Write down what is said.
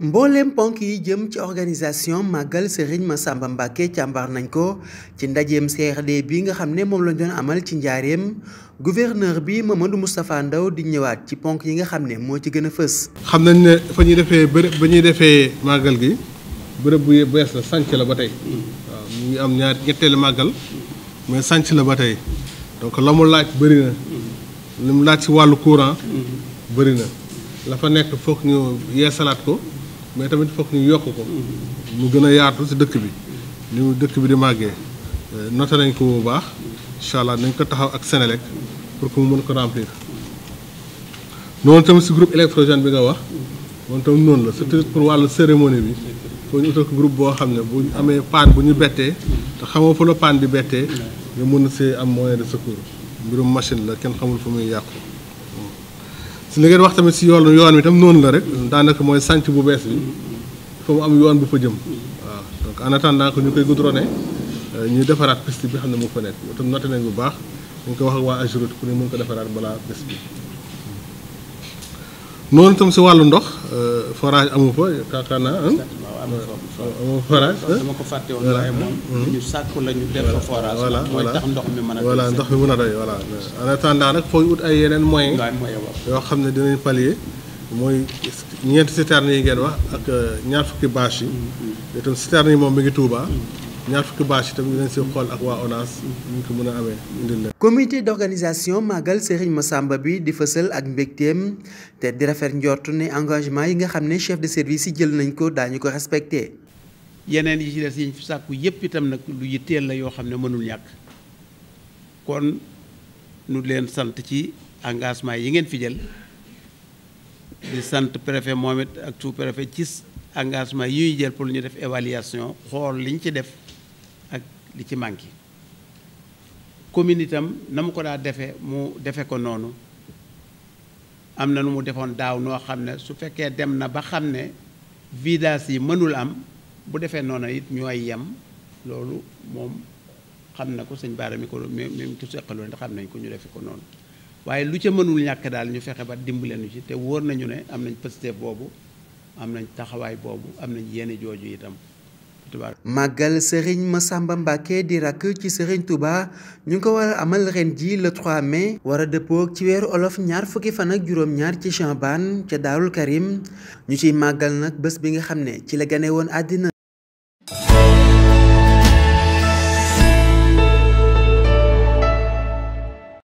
mbooleem ponk yi jëm ci organisation màggal Serigne Massamba Mbacké càmbar nañ ko ci ndajeem CRD bi nga xam ne moom lañ doon amal ci njaareem gouverneur bi Mamadou Moustapha Ndaw di ñëwaat ci ponk yi nga xam ne moo ci gën a fës. xam nañ ne fa ñuy defee bërëb ba ñuy defee màggal gi bërëb bu bees la sànc la ba tey waaw mu am ñaar ñetteelu màggal mais sànc la ba tey donc la mu laaj bëri na li mu laaj si wàllu courant bëri na la fa nekk foog ñu yeesalaat ko. mais tamit foog ñu yokk ko mu gën a yaatu si dëkk bi ni dëkk bi di màggee euh, noté nañ ko bu baax incha allah nañ ko taxaw ak Sénélec pour que mu mën ko remplir noonu tamit si groupe électrogène bi nga wax moom tamit noonu la surtout pour wàllu cérémonie bi foo ñu utal ko groupe boo xam ne bu amee paan bu ñu bettee te xamoo fa la paan di bettee nga mën a see am moyen de secours mbirum machine la kenn xamul fa muy yàqu li ngeen wax tamit si yoon yoon wi tam noonu la rek daanaka mooy sànc bu bees bi fa mu am yoon bu fa jëm waaw donc en daa ko ñu koy goudronné euh, ñuy defaraat piste bi xam ne moo fa nekk tam noté nañ bu baax dañ ko wax ak waa Ageroute pour ñu mën ko defaraat balaa piste bi noonu tam si wàllu ndox euh, forage amu fa kaakaar amoo forage dama ko fàtte woon waaye moom hmm. ñu sàkku la ñu def fa ndox mi mën a voilà ndox mi mën a doy voilà en attendant nag fooy ut ay yeneen moyens yoo xam ne dinañ palier mooy ñeenti citernes yi ngeen wax ak euh, ñaar fukki bâche yi itam hmm, hmm. citernes moom mi ngi Touba ñaar fukki bâche itam ñu leen si xool ak waa ONAS ñu ko mën a amee indil leen. comité d'organisation Magal Serigne Massamba bi di fësal ak mbégteem te di rafet njort ne engagement yi nga xam ne chef de service yi jël nañ ko daañu ko respecté. yeneen yi ci des yi sàkku yépp itam nag lu yitteel la yoo xam ne mënul ñàkk kon nu leen sant ci engagement yi ngeen fi jël di sant préfet moom it ak sous préfet ci engagement yi ñuy jël pour lu ñu def évaluation xool liñ ci def ak li ci manqué commune itam na mu ko daa defe mu defe ko noonu am na nu mu defoon daaw noo xam ne su fekkee dem na ba xam ne vidas yi mënul am bu defee noonu it ñooy yem loolu moom xam na ko sañ Baara mi ko mi ko seqaloon xam nañ ko ñu defe ko noonu waaye lu ci mënul ñàkk daal ñu fexe ba dimbale nu ci te wóor nañu ne am nañ pësteef boobu am nañ taxawaay boobu am nañ yenn jooju itam màggal Serigne Massamba Mbacke di rakk ci Serigne Touba ñu ngi ko war a amal ren ji le 3 mai. war a dëppoog ci weeru olof ñaar fukki fan ak juróom-ñaar ci Chaabaan ca Daarul Karim ñu ciy màggal nag bés bi nga xam ne ci la gane woon àddina.